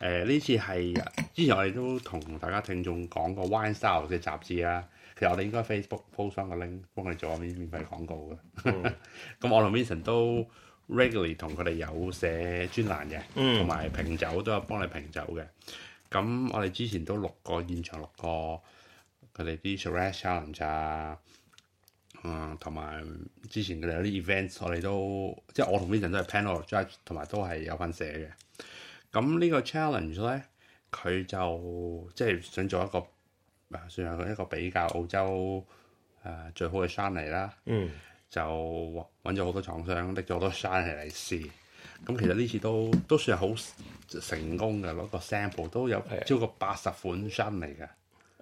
誒呢、呃、次係之前我哋都同大家聽眾講過《Winestyles》嘅雜誌啦、啊。其實我哋應該 Facebook post 上個 link 幫佢做免免費廣告嘅。咁、嗯、 我同 Vincent 都 regularly 同佢哋有寫專欄嘅，同埋評酒都有幫你評酒嘅。咁我哋之前都錄過現場錄過佢哋啲 surprise challenge、啊、嗯，同埋之前佢哋有啲 events 我哋都即係我同 Vincent 都係 panel judge，同埋都係有份寫嘅。咁呢個 challenge 咧，佢就即係想做一個，啊算係一個比較澳洲、呃、最好嘅 Chard 嚟啦。嗯，就揾咗好多廠商，拎咗好多 Chard 嚟試。咁其實呢次都都算係好成功嘅，攞個 sample 都有超過八十款 Chard 嚟嘅。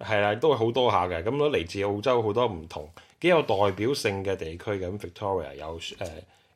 係啊的，都係好多下嘅。咁都嚟自澳洲好多唔同，幾有代表性嘅地區嘅。咁 Victoria 有、呃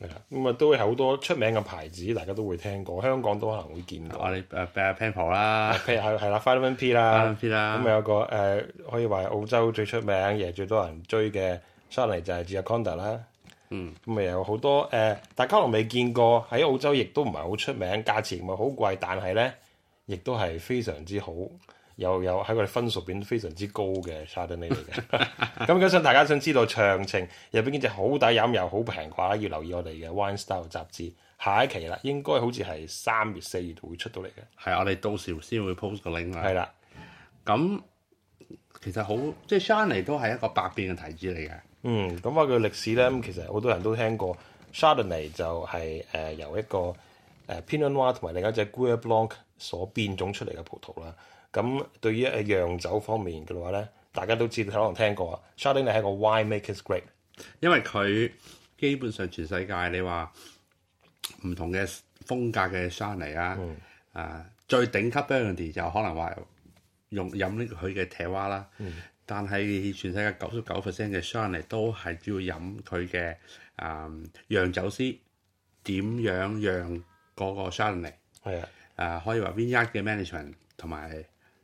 係啦，咁啊都會好多出名嘅牌子，大家都會聽過，香港都可能會見到、啊。啊，你誒 p a p e p a p r 啦，係啦，Fila、n p 啦 n p 啦。咁啊有個誒、呃、可以話澳洲最出名，亦最多人追嘅，出嚟就係 Giaconda 啦。嗯。咁咪有好多誒，大家可能未見過喺澳洲，亦都唔係好出名，價錢咪好貴，但係咧亦都係非常之好。又有喺我哋分數邊非常之高嘅 Chardonnay 嚟嘅。咁嗰陣，大家想知道詳情入邊幾隻好抵飲又好平嘅話，要留意我哋嘅《Wine Style》雜誌下一期啦，應該好似係三月四月都會出到嚟嘅。係啊，我哋到時先會 post 個 link 啦。係啦的，咁其實好即係 Chardonnay 都係一個百變嘅提子嚟嘅。嗯，講翻佢歷史咧，其實好多人都聽過 Chardonnay 就係誒由一個誒、呃、Pinot Noir 同埋另一隻 Gouais Blanc 所變種出嚟嘅葡萄啦。咁對於誒洋酒方面嘅話咧，大家都知道可能聽過啊。Chardonnay 係個 winemaker's grape，因為佢基本上全世界你話唔同嘅風格嘅 Chardonnay 啊，嗯、啊最頂級 Burgundy 就可能話用呢佢嘅鐵蛙啦。嗯、但係全世界九十九 percent 嘅 Chardonnay 都係主要飲佢嘅啊洋酒師點樣讓嗰個 Chardonnay 啊，啊可以話 vineyard 嘅 management 同埋。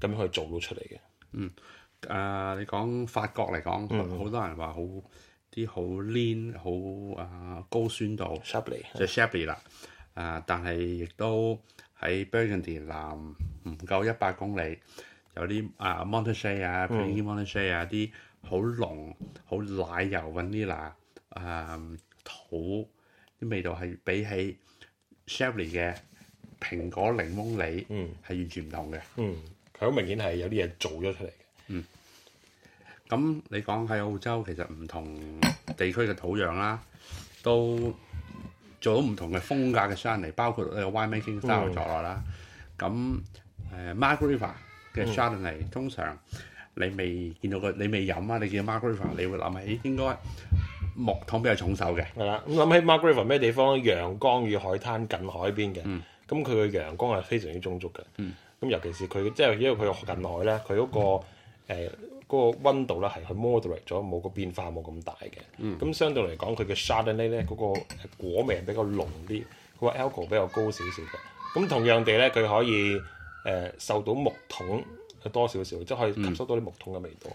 咁樣可以做到出嚟嘅。嗯，誒、啊，你講法國嚟講，好、嗯嗯、多人話好啲好 lean，好啊高酸度。Chablis 就 Chablis 啦，啊，啊，但係亦都喺 Burgundy 南唔夠一百公里，有啲啊 Montrachet, Puligny-Montrachet 啊，啲好、嗯、濃好奶油 vanilla，啊土啲味道係比起 Chablis 嘅蘋果檸檬梨係、嗯、完全唔同嘅。嗯。係好明顯係有啲嘢做咗出嚟嘅。嗯，咁你講喺澳洲，其實唔同地區嘅土壤啦，都做到唔同嘅風格嘅沙尼，包括呢個 wine making 沙河坐落啦。咁誒，Margaret River 嘅沙尼通常你未見到佢，你未飲啊，你見到 Margaret River，你會諗起應該木桶比較重手嘅。係啦，咁諗起 Margaret River 咩地方？陽光與海灘，近海邊嘅，咁佢嘅陽光係非常之充足嘅。嗯。咁、嗯、尤其是佢即係因為佢近海咧，佢嗰、嗰個誒溫、呃嗰個、度咧係去 moderate 咗，冇、er、個變化冇咁大嘅。咁、嗯、相對嚟講，佢嘅 Chardonnay 咧嗰個果味係比較濃啲，佢話 alcohol 比較高少少嘅。咁同樣地咧，佢可以誒受、呃、到木桶多少少，即係可以吸收到啲木桶嘅味道。嗯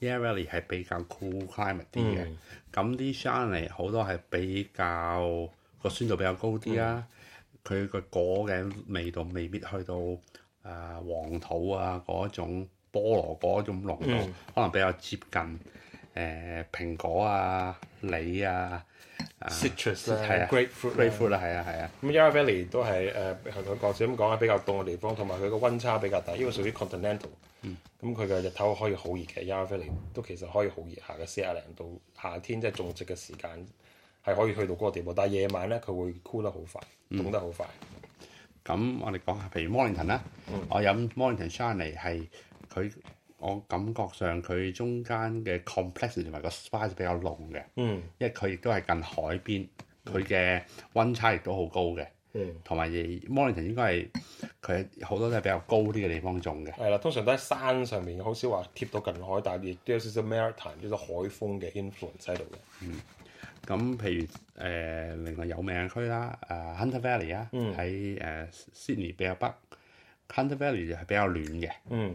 Yearly e 係比較 cool climate 啲嘅、mm. so，咁啲 s h i e 梨好多係比較個酸度比較高啲啦。佢個果嘅味道未必去到誒、uh, 黃土啊嗰種菠蘿嗰種濃度，可能比較接近誒蘋果啊、梨啊。Citrus 啦 grapefruit grapefruit 啦，係啊係啊。咁、uh, uh, uh, uh, Yarra、yeah. Valley 都係誒，佢講少咁講啊，比較凍嘅地方，同埋佢個溫差比較大，因為屬於 continental、嗯。咁佢嘅日頭可以好熱嘅，Yarra Valley 都其實可以好熱，下嘅四啊零度，夏天即係種植嘅時間係可以去到嗰個地步，但係夜晚咧佢會 cool 得好快，凍、嗯、得好快。咁、嗯、我哋講下，譬如 Mornington 啦、嗯，我飲 Mornington Shine 係佢。我感覺上佢中間嘅 complexity 同埋個 spice 比較濃嘅，嗯、因為佢亦都係近海邊，佢嘅温差亦都好高嘅，同埋 m o n 摩尼田應該係佢好多都係比較高啲嘅地方種嘅。係啦，通常都喺山上面，好少話貼到近海，但係亦都有少少 maritime 呢啲海風嘅 influence 喺度嘅。嗯，咁譬如誒、呃，另外有名嘅區啦，誒、呃、Hunter Valley 啊，喺誒、嗯呃、Sydney 比較北，Hunter Valley 就係比較暖嘅。嗯。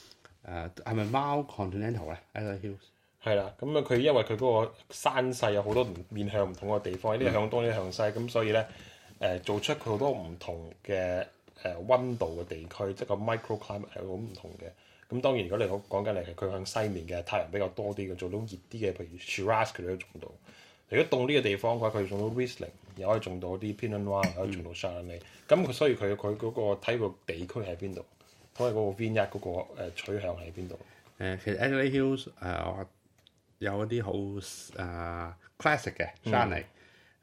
誒係咪貓 continental 喺個 hills 係啦，咁啊佢因為佢嗰個山勢有好多唔面向唔同嘅地方，呢啲、嗯、向東，呢啲向西，咁所以咧誒、呃、做出佢好多唔同嘅誒、呃、溫度嘅地區，即、就、係、是、個 microclimate 係好唔同嘅。咁當然如果你講緊嚟，係佢向西面嘅，太陽比較多啲嘅，做到熱啲嘅，譬如 Shiraz 佢哋都做到。如果凍呢個地方嘅話，佢種到 Riesling，又可以種到啲 Pinot Noir，可以種到 s a l a m i 咁所以佢佢嗰個睇個地區喺邊度？所嗰個 v 一嗰、那個、呃、取向喺邊度？誒、呃，其實 Adelaide Hills 誒、呃，有一啲好誒 classic 嘅山嚟。誒、呃嗯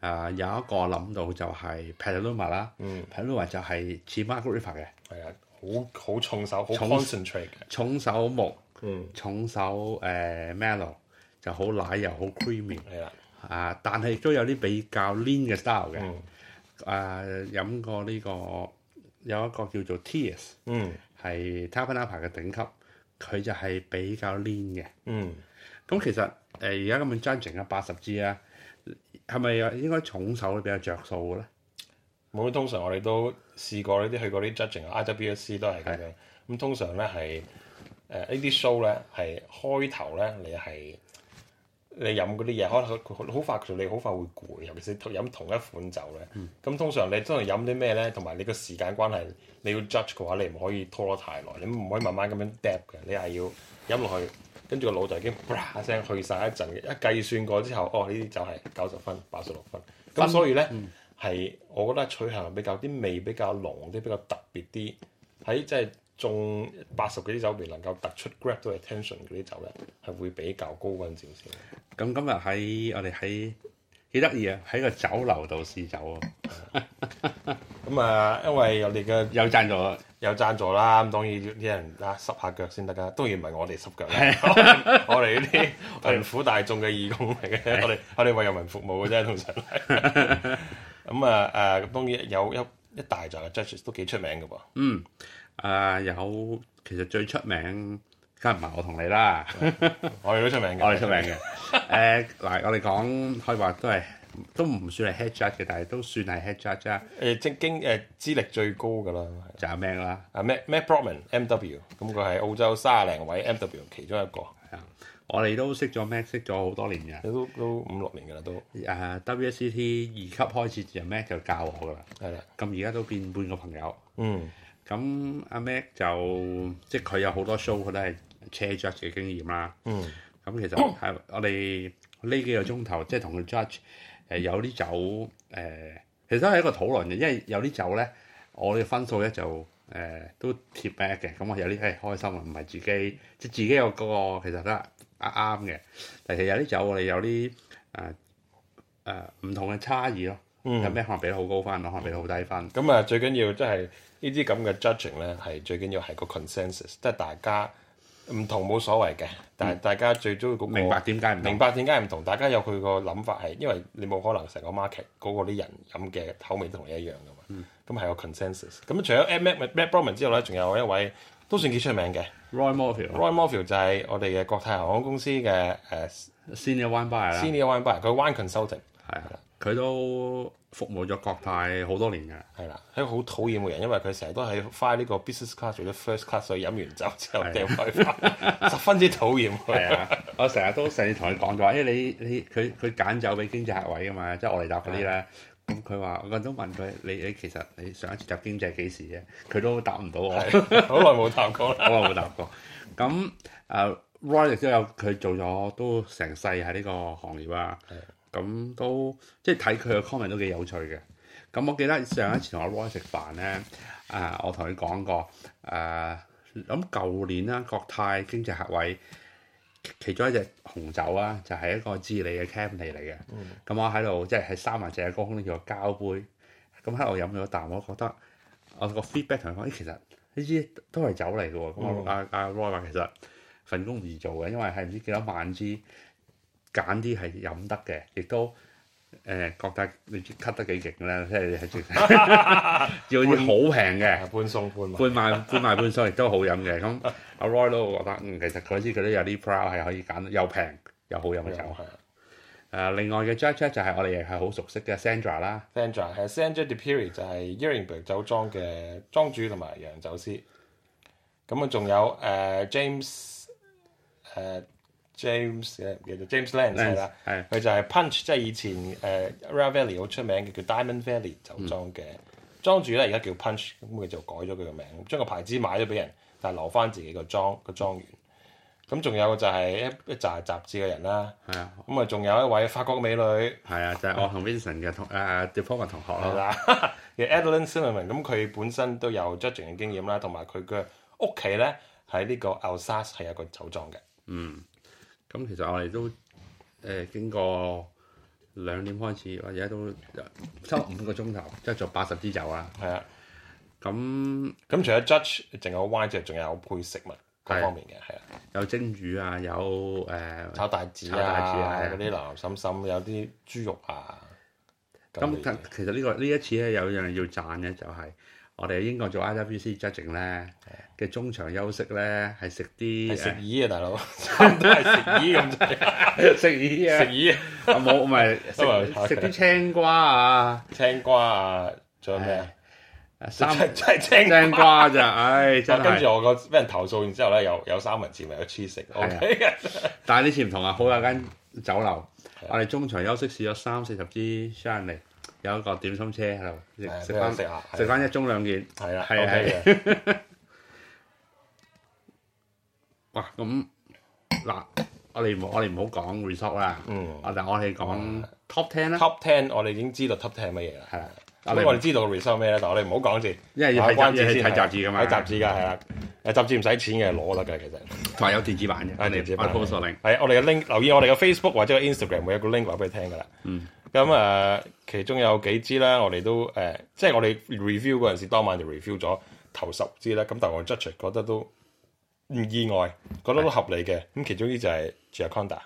呃，有一個諗到就係 Petaluma 啦。嗯 Petaluma 就係似 Margaret River 嘅。係啊，好好重手，好 concentrate 嘅重手木，嗯，重手誒、呃、mellow 就好奶油，好 creamy、嗯。係啦。啊，但係都有啲比較 lean 嘅 style 嘅。嗯。啊、呃，飲過呢、這個有一個叫做 Tears。嗯。係 Topper 拉牌嘅頂級，佢就係比較 lean 嘅。嗯，咁其實誒而家咁樣 judging 啊八十支啊，係咪應該重手會比較着數嘅咧？冇，通常我哋都試過呢啲，去過啲 judging 啊、RWC 都係咁樣。咁的通常咧係誒呢啲 show 咧係開頭咧，你係。你飲嗰啲嘢，可能你好快，你好快會攰，尤其是飲同一款酒咧。咁、嗯、通常你真係飲啲咩咧？同埋你個時間關係，你要 judge 嘅話，你唔可以拖得太耐，你唔可以慢慢咁樣 dab 嘅，你係要飲落去，跟住個腦就已經嗙聲去晒一陣一計算過之後，哦，呢啲就係九十分、八十六分。咁所以咧，係、嗯、我覺得取向比較啲味比較濃啲、比較特別啲，喺即係。就是中八十幾啲酒未能夠突出 grab 到 attention 嗰啲酒咧，係會比較高溫少少。咁今日喺我哋喺幾得意啊！喺個酒樓度試酒啊！咁啊、 嗯嗯嗯嗯，因為我哋嘅有贊助，有贊助啦，咁當然要啲人啊，濕下腳先得㗎。當然唔係我哋濕腳 我，我哋呢啲貧苦大眾嘅義工嚟嘅， 我哋我哋為人民服務嘅啫，通常。咁啊誒，咁當然有一一大扎嘅 judges 都幾出名嘅噃。嗯。 嗯嗯啊有，其實最出名梗係唔係我同你啦，我哋都出名嘅，我哋出名嘅。誒，嗱，我哋講可以話都係都唔算係 head judge 嘅，但係都算係 head judge。誒，正經誒資歷最高噶啦，就係咩啦。啊，Matt Matt Brockman M W，咁佢係澳洲三十零位 M W 其中一個。係啊，我哋都識咗 Matt 識咗好多年嘅，都都五六年噶啦都。啊、uh，W C T 二級開始就 Matt 就教我噶啦，係啦的。咁而家都變半個朋友。嗯。咁阿、啊、Mac 就即係佢有好多 show，佢都係 chair judge 嘅經驗啦。嗯。咁、啊、其實係我哋呢幾個鐘頭即係同佢 judge，誒、呃、有啲酒誒、呃，其實都係一個討論嘅，因為有啲酒咧，我哋嘅分數咧就誒、呃、都貼 back 嘅。咁、嗯、我有啲誒、哎、開心啊，唔係自己即係自己有嗰個其實都係啱啱嘅，但其實有啲酒我哋有啲誒誒唔同嘅差異咯。嗯、有咩可能俾得好高分，可能俾得好低分。咁啊、嗯，最緊要即係。呢啲噉嘅 judging 呢，係最緊要係個 consensus，即係大家唔同冇所謂嘅。但係大家最鍾意、嗰個、明白點解唔同。明白點解唔同，大家有佢個諗法係，係因為你冇可能成個 market 嗰個啲人飲嘅口味都同你一樣㗎嘛。噉係、嗯、個 consensus。噉除咗 Matt Bromin 之後呢，仲有一位都算幾出名嘅 Roy Morfield。Roy Morfield 就係我哋嘅國泰航空公司嘅、uh, Senior Wine Buyer。Senior Wine Buyer，佢係 Wine Consultant 佢都服務咗國泰好多年嘅，係啦，係一個好討厭嘅人，因為佢成日都喺翻呢個 business class 或者 first class，所以飲完酒之後就佢翻，十分之討厭。係啊，我成日都成日同佢講咗，誒你你佢佢揀酒俾經濟客位㗎嘛，即係我哋搭嗰啲啦。咁佢話我都問佢，你你其實你上一次搭經濟幾時嘅？佢都答唔到我，好耐冇搭過啦，好耐冇搭過。咁誒，Roy 都有佢做咗都成世喺呢個行業啦。係。咁都即係睇佢嘅 comment 都幾有趣嘅。咁我記得上一次同阿 Roy 食飯咧，啊、呃，我同佢講過，誒、呃，咁舊年啦，國泰經濟客位其，其中一隻紅酒啊，就係、是、一個智利嘅 camp 嚟嘅。咁、嗯、我喺度即係喺三萬隻嘅高空叫做膠杯，咁喺度飲咗啖，我覺得我個 feedback 同佢講、欸，其實呢啲都係酒嚟嘅喎。咁阿阿 Roy 話其實份工易做嘅，因為係唔知幾多萬支。揀啲係飲得嘅，亦都誒、呃、覺得你咳得幾勁啦，即係要最，好平嘅，半送半半賣半賣半送亦都好飲嘅。咁阿 Roy 都我覺得、嗯、其實佢啲佢都有啲 Pro 係可以揀，又平又好飲嘅酒。誒、嗯嗯嗯啊，另外嘅 Judge 就係我哋係好熟悉嘅 F andra, 啦 Sandra 啦，Sandra 係 Sandra DePury 就係 Yeringberg 酒莊嘅莊主同埋釀酒師。咁啊， 仲有誒 James 誒、呃。James 咧、uh, 叫做 James Lance 係啦，佢就係 Punch，即係以前誒 Yarra Valley 好出名嘅叫 Diamond Valley 酒莊嘅莊主咧，而家叫 Punch，咁佢就改咗佢個名，將個牌子買咗俾人，但係留翻自己個莊個莊園。咁仲、嗯、有就係一一紮雜誌嘅人啦，係啊的，咁啊仲有一位法國美女係啊，就係、是、我同 Vincent 嘅同啊 Diploma 同學咯，其實 Adeline Siminim 咁佢本身都有 judging、er、嘅經驗啦，同埋佢嘅屋企咧喺呢個 Alsace 係有個酒莊嘅，嗯。咁其實我哋都誒、呃、經過兩點開始，或者都差五個鐘頭， 即係做八十支酒啊。係啊那，咁咁除咗 Judge，淨係 Y 之外仲有配食物各方面嘅，係啊，有蒸魚啊，有誒、呃、炒帶子啊，係嗰啲淋淋滲有啲豬肉啊。咁那其實呢、這個呢一次咧有樣要讚嘅就係、是。我哋喺英國做 IWC judging 咧，嘅中場休息咧係食啲，食魚啊，大佬都係食魚咁滯，食魚啊，食魚啊，冇唔係食啲青瓜啊，青瓜啊，仲有咩啊？三真係青瓜咋，唉，真係跟住我個俾人投訴，完之後咧有有三文治，咪有黐食 okay 但係呢次唔同啊，好有間酒樓，我哋中場休息試咗三四十支 Chardonnay。有一個點心車喺度，食翻食下，食翻一盅兩件。係啊，講啊，嘅。哇，咁嗱，我哋我哋唔好講 result 啦。嗯。我哋我哋講 top ten 啦。top ten 我哋已經知道 top ten 乜嘢啦。係啦。咁我哋知道 result 咩咧？但我哋唔好講先。因為要睇嘅，睇雜誌㗎嘛。睇雜誌㗎係啊。誒雜誌唔使錢嘅，攞得㗎其實。同埋有電子版嘅。係電子版。post 係我哋嘅 link，留意我哋嘅 Facebook 或者 Instagram，會有個 link 話俾你聽㗎啦。嗯。咁啊、嗯，其中有幾支啦，我哋都誒、呃，即係我哋 review 嗰陣時，當晚就 review 咗頭十支啦。咁但係我 judge 覺得都唔意外，覺得都合理嘅。咁的其中呢就係 Giaconda、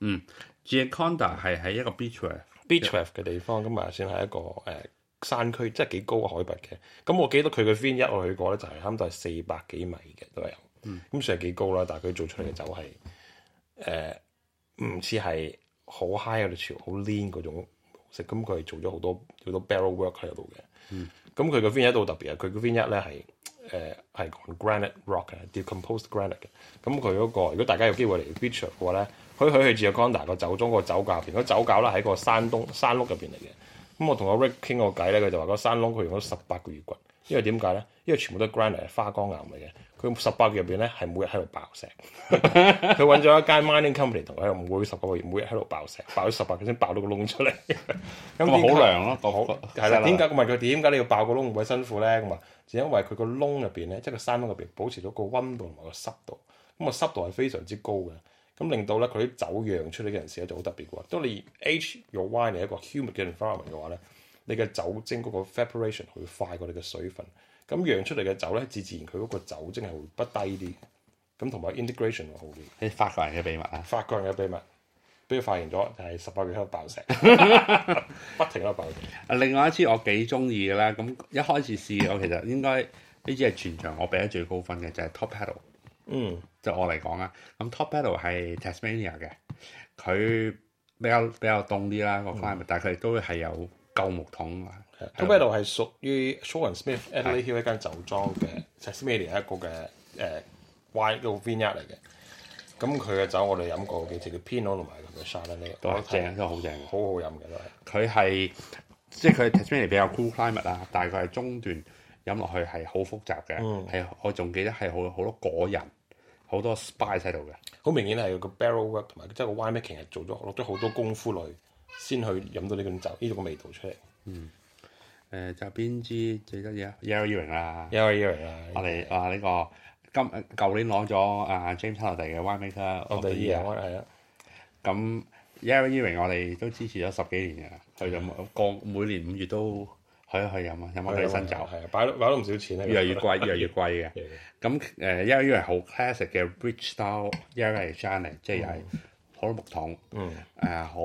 嗯。嗯 Giaconda 係喺一個 be wave, beach wave beach 嘅地方，咁啊的算係一個誒、呃、山區，即係幾高嘅海拔嘅。咁我記得佢嘅 vine 一我去過咧，就係啱啱係四百幾米嘅都有。咁、嗯、算係幾高啦，但係佢做出嚟嘅酒係誒唔似係。呃好 high 潮，好 lean 嗰種食，咁佢做咗好多好多 barrel work 喺度嘅。咁佢個 vineyard 度特別啊！佢、呃個 vineyard 咧係係係 granite rock 嘅，decomposed granite 嘅。咁佢嗰個如果大家有機會嚟 visit 嘅話咧，去去去住個 conda 個酒莊、個酒窖入邊。嗰酒窖啦喺個山窿山窿入面嚟嘅。咁我同阿 Rick 傾過偈咧，佢就話個山窿佢用咗十八個月棍。因為點解咧？因為全部都係 granite 花崗岩嚟嘅，佢十八個入邊咧，係每日喺度爆石。佢揾咗一間 mining company 同佢喺度每十八個月每日喺度爆石，爆咗十八個先爆到個窿出嚟。咁 啊好涼咯，好係啦。點解我，問佢點解你要爆個窿咁鬼辛苦咧？咁啊，就因為佢個窿入邊咧，即係個山窿入邊保持到個溫度同埋個濕度。咁啊濕度係非常之高嘅，咁令到咧佢啲走樣出嚟嘅人士咧就好特別㗎。都你 age your Wine 係一個 humid environment 嘅話咧。你嘅酒精嗰個 evaporation 會快過你嘅水分，咁釀出嚟嘅酒咧，自自然佢嗰個酒精係會不低啲，咁同埋 integration 會好啲。誒，法國人嘅秘密啊！法國人嘅秘密，俾佢發現咗就係十八月喺度爆石， 不停喺度爆啊， 另外一支我幾中意嘅啦，咁一開始試我其實應該呢支係全場我俾得最高分嘅，就係、是、Top Paddle。嗯，就我嚟講啦，咁 Top Paddle 係 Tasmania 嘅，佢比較比較凍啲啦個 climate，、嗯、但係佢都係有。舊木桶啊是吧 t o b e l 係屬於 Shaw & Smith Adelaide Hills 的一間酒莊嘅，Tasmania 一、呃、一個嘅誒 vineyard 嚟嘅。咁佢嘅酒我哋飲過幾隻，叫叫 Pinot 同埋佢嘅 Chardonnay 咧，都好正，好都好正，好好飲嘅都係。佢係即係佢 Tasmania 比較 cool climate 啦，嗯、但係佢係中段飲落去係好複雜嘅，係、嗯、我仲記得係好好多果仁，好多 spice 喺度嘅。好明顯係個 barrel work 同埋即係個 wine making 係做咗落咗好多功夫類先去飲到呢種酒，呢種個味道出嚟。嗯。誒，就邊支最得意啊？Yarra Yering 啦。Yarra Yering 我哋話呢個今舊年攞咗啊 James Halliday 嘅 Winemaker，我哋第二咁 Yarra Yering 我哋都支持咗十幾年㗎，去飲過每年五月都去去飲啊，飲翻啲新酒。啊，擺到唔少錢咧，越嚟越貴，越嚟越貴嘅。咁 Yarra Yering 好，classic 嘅 Bridge Style Yarra Yering 即係。好多木桶，誒好，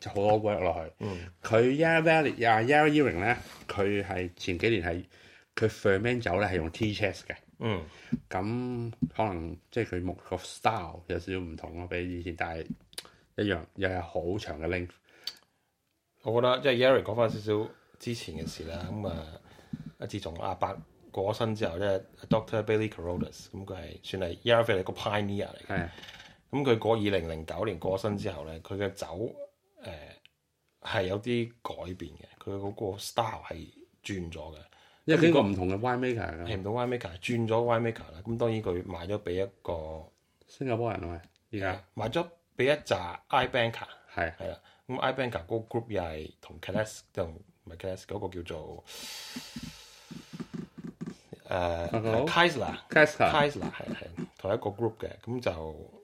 就好多 work 落去。佢 Yarra Valley 啊 Yarra Yering 咧，佢係前幾年係佢 ferment 酒咧係用 tea chest 嘅。嗯，咁可能即係佢木個 style 有少少唔同咯，比以前，但係一樣又係好長嘅 length。我覺得即係 Yarra 講翻少少之前嘅事啦。咁啊，自從阿伯過身之後咧，Doctor Bailey Carrodus 咁佢係算係 Yarra 個 pioneer 嚟嘅。咁佢過二零零九年過身之後咧，佢嘅、嗯、酒誒係、呃、有啲改變嘅，佢嗰個 style 係轉咗嘅，因為經過唔同嘅 winemaker 嘅，係唔同 winemaker 轉咗 winemaker 啦。咁當然佢賣咗俾一個新加坡人啊，而家在賣咗俾一扎 ibanker 係係啦。咁 ibanker 嗰個 group 又係同 class 就唔係 class 嗰個叫做誒 Kaesler Kaesler 係係同一個 group 嘅，咁就。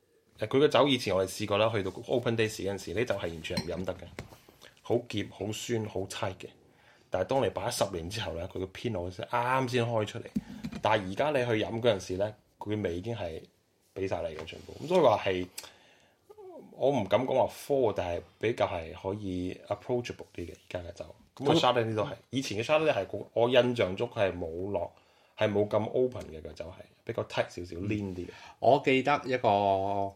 佢嘅酒以前我哋試過啦，去到 open days 嗰陣時，呢就係、是、完全唔飲得嘅，好澀、好酸、好 tight 嘅。但係當你擺咗十年之後咧，佢嘅 Pinot 先啱啱先開出嚟。但係而家你去飲嗰陣時咧，佢嘅味已經係俾晒你嘅全部。咁所以話係我唔敢講話 four，但係比較係可以 approachable 啲嘅而家嘅酒。咁沙爹呢都係，以前嘅沙爹係我印象中係冇落，係冇咁 open 嘅個酒係比較 tight 少少、lean 啲嘅。點點我記得一個。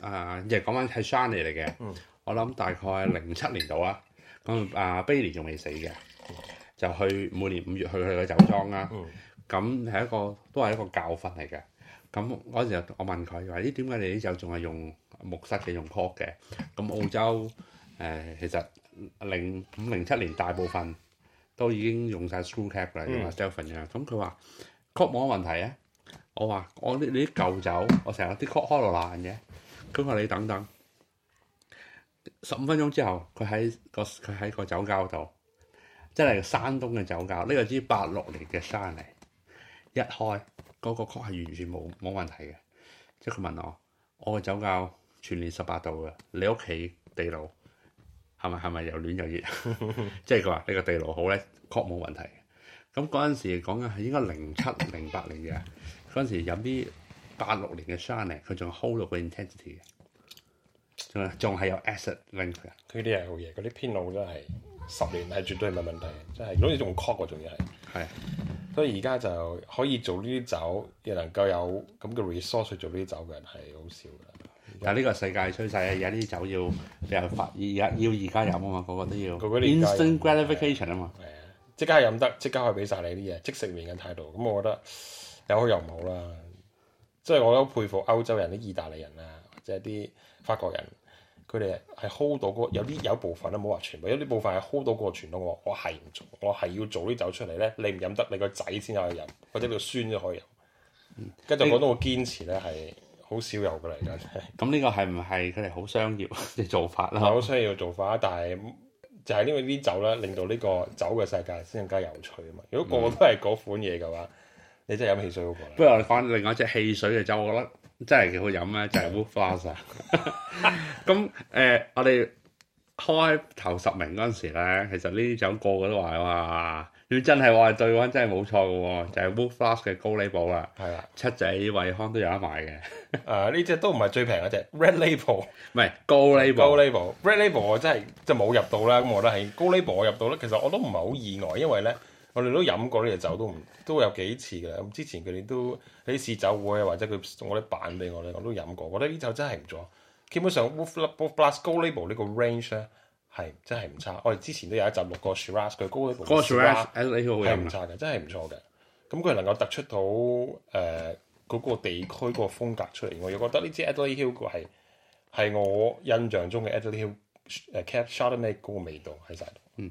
啊，即係講翻係 Shani 嚟嘅，嗯、我諗大概零七年度啦，咁啊 Bailey 仲未死嘅，就去每年五月去佢個酒莊啦，咁係、嗯、一個都係一個教訓嚟嘅。咁嗰陣時我問佢話：咦，點解你啲酒仲係用木塞嘅用 cork 嘅？咁澳洲誒、呃、其實零五零七年大部分都已經用晒 screw cap 啦，咁啊 Stelvin 咁佢話 cork 冇乜問題啊。我話我你你啲舊酒， 我成日啲 cork 開到爛嘅。佢話：你等等，十五分鐘之後，佢喺個佢喺個酒窖度，即係山東嘅酒窖，呢、這個支八六年嘅山嚟。一開嗰、那個曲係完全冇冇問題嘅。即係佢問我：我個酒窖全年十八度㗎，你屋企地牢，係咪係咪又暖又熱？即係佢話呢個地牢好咧，曲冇問題。咁嗰陣時講緊係應該零七零八年嘅，嗰陣時飲啲。八六年嘅 Shine 佢仲 hold 到個 intensity，仲仲係有 asset link。佢。佢啲係好嘢，嗰啲編路真係十年係絕對冇問題，即係好似仲 call 喎，仲要係係。所以而家就可以做呢啲酒，亦能夠有咁嘅 resource 去做呢啲酒嘅，人係好少嘅。但係呢個世界趨勢啊，而家啲酒要你又發，而家要而家飲啊嘛，個個都要 instant gratification 啊嘛，係即刻飲得，即刻可以俾曬你啲嘢，即食麵嘅態度。咁我覺得有好有唔好啦。即係我覺得佩服歐洲人啲意大利人啊，或者啲法國人，佢哋係 hold 到個有啲有部分都冇好話全部，有啲部分係 hold 到個傳統，我係唔做，我係我係要做啲酒出嚟咧，你唔飲得，你個仔先可以飲，或者你個孫先可以飲。跟住我覺得我堅持咧，係好少有嘅嚟緊。咁呢、嗯、個係唔係佢哋好商業嘅做法啦？好商業嘅做法，但係就係因為啲酒咧，令到呢個酒嘅世界先更加有趣啊嘛！如果個個都係嗰款嘢嘅話，嗯你真係飲汽水嗰個，不如我哋翻另外一隻汽水嘅酒，我覺得真係幾好飲咧，就係、是、Wolf Blass 咁、 呃、我哋開頭十名嗰陣時咧，其實呢啲獎個個都話：哇！你真係話對真係冇錯嘅喎，就係 Wolf Blass 嘅 Gold Label 啦。係啦，七仔惠康都有得賣嘅。誒、 啊，呢隻都唔係最平嗰隻，Red Label 唔係 Gold Label Gold Label Red Label 我真係就冇、是、入到啦。咁我覺得係 Gold Label 入到咧，其實我都唔係好意外，因為咧。我哋都飲過呢隻酒都，都唔都有幾次嘅。咁之前佢哋都喺啲試酒會啊，或者佢送我啲版俾我咧，我都飲過。我覺得呢酒真係唔錯。基本上 Wolf Blass Gold Label 呢個 range 咧係真係唔差。我哋之前都有一集錄過 Shiraz，佢 Gold Label 嘅 Shiraz 係唔差嘅，真係唔錯嘅。咁佢能夠突出到誒嗰、呃嗰個地區個風格出嚟，我又覺得呢支 Adelaide Hills 嘅係我印象中嘅 Adelaide Hills 誒 Chardonnay 嗰個味道喺晒度。嗯。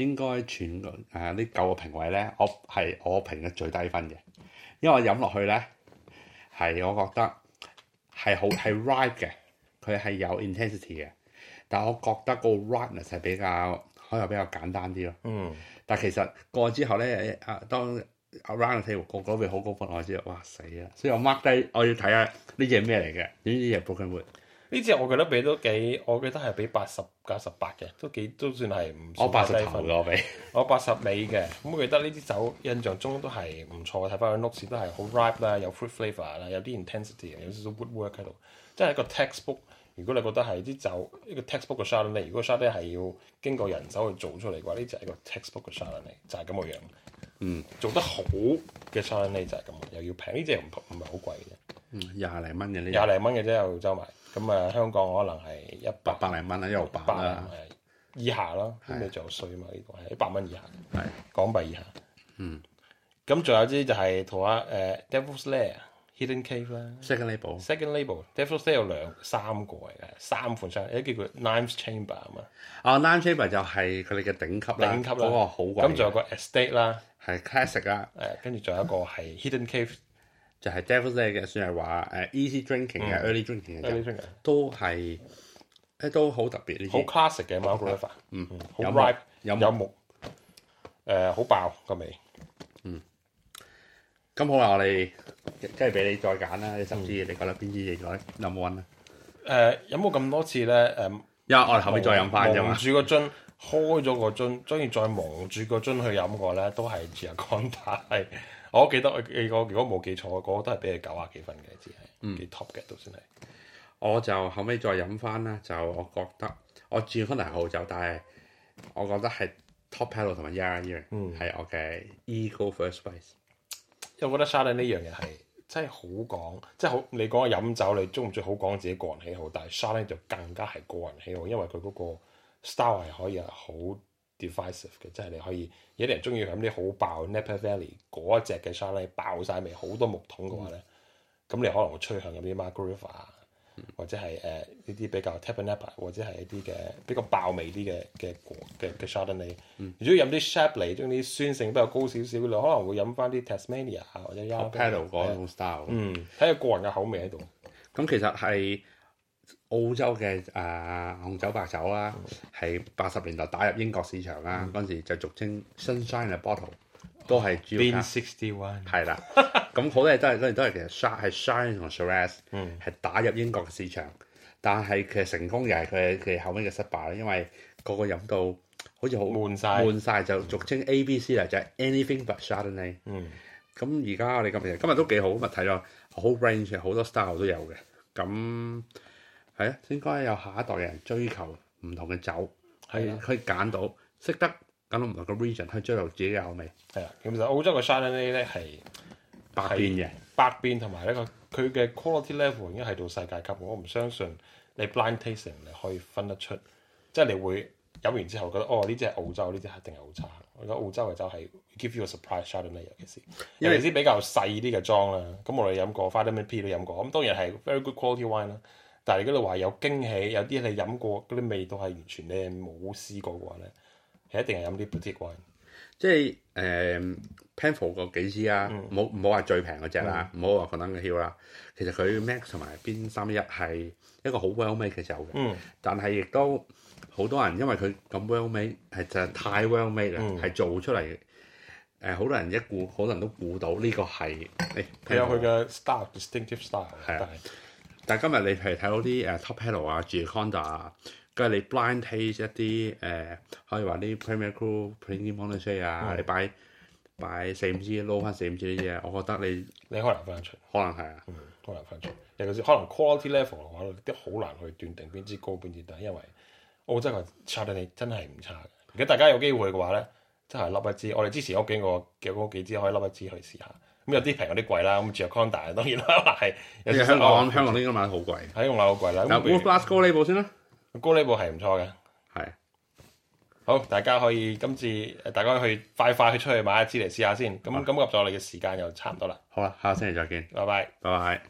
應該全個、呃、呢九個評委咧，我係我評嘅最低分嘅，因為我飲落去咧係我覺得係好係 ripe 嘅，佢係有 intensity 嘅，但係我覺得個 ripeness、right、係比較可能比較簡單啲咯。嗯，但係其實過之後咧，誒、啊、around the table 個嗰位好高分，我知啦，哇死啦！所以我 mark 低我要睇下呢隻係咩嚟嘅，點知隻 Brokenwood？呢支我記得俾都幾，我記得係俾八十加十八嘅，都幾都算係唔算低分。我八十頭嘅我俾，我八十尾嘅。咁我記得呢啲酒印象中都係唔錯，睇翻佢 notes 都係好 ripe 啦，有 fruit flavour 啦，有啲 intensity，有少少 woodwork 喺度。即係一個 textbook。如果你覺得係啲酒一個 textbook 嘅 Chardonnay，如果 Chardonnay 係要經過人手去做出嚟嘅話，呢就係一個 textbook 嘅 Chardonnay 就係咁個樣。嗯，做得好嘅 Chardonnay 就係咁，又要平。呢隻唔唔係好貴嘅。廿零蚊嘅呢？廿零蚊嘅啫，澳洲埋，咁啊香港可能係一百百零蚊啦，又百啦，以下咯，咁你就稅啊嘛呢個，一百蚊以下，係港幣以下。嗯，咁仲有啲就係同啊誒 Devils Lair Hidden Cave 啦，Second Label、Second Label、Devils Lair 有兩三個嚟嘅，三款先，誒叫做 Ninth Chamber 啊嘛。啊，Ninth Chamber 就係佢哋嘅頂級啦，嗰個好。咁仲有個 Estate 啦，係 Classic 啦，誒跟住仲有一個係 Hidden Cave。就係 devil's day 嘅，算係話誒 easy drinking 嘅，early drinking 嘅，都係誒都好特別呢啲，好 classic 嘅 malt liquor，嗯，好 ripe，有木誒好爆個味，嗯。咁好啦，我哋即係俾你再揀啦，你十支你覺得邊支嘢耐？有冇揾啊？誒有冇咁多次咧？誒，因為我哋後尾再飲翻啫嘛，蒙住個樽，開咗個樽，中意再蒙住個樽去飲個咧，都係自由講大。我記得你，我如果冇記錯，嗰個都係俾你九啊幾分嘅，只係，嗯、幾 top 嘅，都算係。我就後尾再飲翻啦，就我覺得我轉可能係好酒，但係我覺得係 top paddle 同埋 Yann y a n 係我嘅 ego first place。因為我覺得 Chardonnay 呢樣嘢係真係好講，即、就、係、是、好你講飲酒你中唔中意好講自己個人喜好，但係 Chardonnay 就更加係個人喜好，因為佢嗰個 style 係可以係好。Divisive 嘅，即係你可以有啲人中意飲啲好爆 Napa Valley 嗰一隻嘅 Chardonnay，爆晒味，好多木桶嘅話咧，咁你可能會趨向飲啲 Margaret River 或者係誒呢啲比較 Tapanappa 或者係一啲嘅比較爆味啲嘅嘅果嘅 Chardonnay。的的的 mm. 你如果飲啲 Chardonnay，中意啲酸性比較高少少嘅，可能會飲翻啲 Tasmania 或者 Yapa 嗰麼種 style。嗯，睇下個人嘅口味喺度。咁其實係。澳洲嘅誒、呃、紅酒白酒啦，係八十年代打入英國市場啦。嗰陣、嗯、時就俗稱 Sunshine in a Bottle，都係主要係啦。咁好多嘢都係都係都係其實 Shine Shine 同埋 Shiraz 係打入英國嘅市場。但係其實成功嘅係佢佢後尾嘅失敗，因為個個飲到好似好悶晒。悶晒了就俗稱 ABC 啦、嗯，就係 Anything But Chardonnay。咁而家我哋今日今日都幾好咁啊，睇咗好 range 好多 style 都有嘅咁。係啊，應該有下一代人追求唔同嘅酒，係的可以揀到，識得揀到唔同嘅 region 去追求自己嘅口味。係啊，其實澳洲嘅 Shirley 咧係百變嘅，百變同埋呢個佢嘅 quality level 已經係到世界級。我唔相信你 blind tasting 你可以分得出，即係你會飲完之後覺得哦，呢隻係澳洲，呢隻一定係好差。我覺得澳洲嘅酒係 i v e you a surprise Shirley 嘅因為 尤其是比較細啲嘅莊啦，咁我哋飲過 f o u n i n P 都飲過，咁為當然係 very good quality wine 啦。但係如果你話有驚喜，有啲你飲過嗰啲味道係完全你冇試過嘅話咧，係一定係飲啲 budget one 即係誒 Penfolds 個幾支啊，冇冇話最平嗰隻啦，冇話嗰撚佢 Hill 啦。其實佢 Max 同埋邊三一係一個好 well made 嘅酒嘅，嗯、但係亦都好多人因為佢咁 well made 係就係太 well made 啦，係、嗯、做出嚟誒好多人一估可能都估到呢個係，佢、欸、有佢嘅 style，distinctive style。係啊。distinctive style, 但今日你係睇到啲誒 Tapanappa 啊，Giaconda 啊，跟住、啊、你 Blind Taste 一啲誒、呃，可以話啲 Premier Cru Premium Quality 啊，嗯、你擺擺四五支攞翻四五支呢啲啊，我覺得你你可能分得出，可能係啊，可能、嗯、分得出，尤其是可能 Quality Level 嘅話都好難去斷定邊支高邊支、支低，因為澳洲嘅 quality 真係唔差。如果大家有機會嘅話咧，真係笠一支。我哋之前屋企過嘅嗰幾支可以笠一支去試下。咁有啲平，有啲貴啦，咁住著 Conda 當然啦，係。你香港的香港都應該買得好貴的，喺用樓好貴啦。高呢部先啦，高呢部係唔錯嘅，係。好，大家可以今次大家去快快去出去買一支嚟試下先。咁咁入咗我哋嘅時間又差唔多啦。好啦，下星期再見。拜拜，拜拜。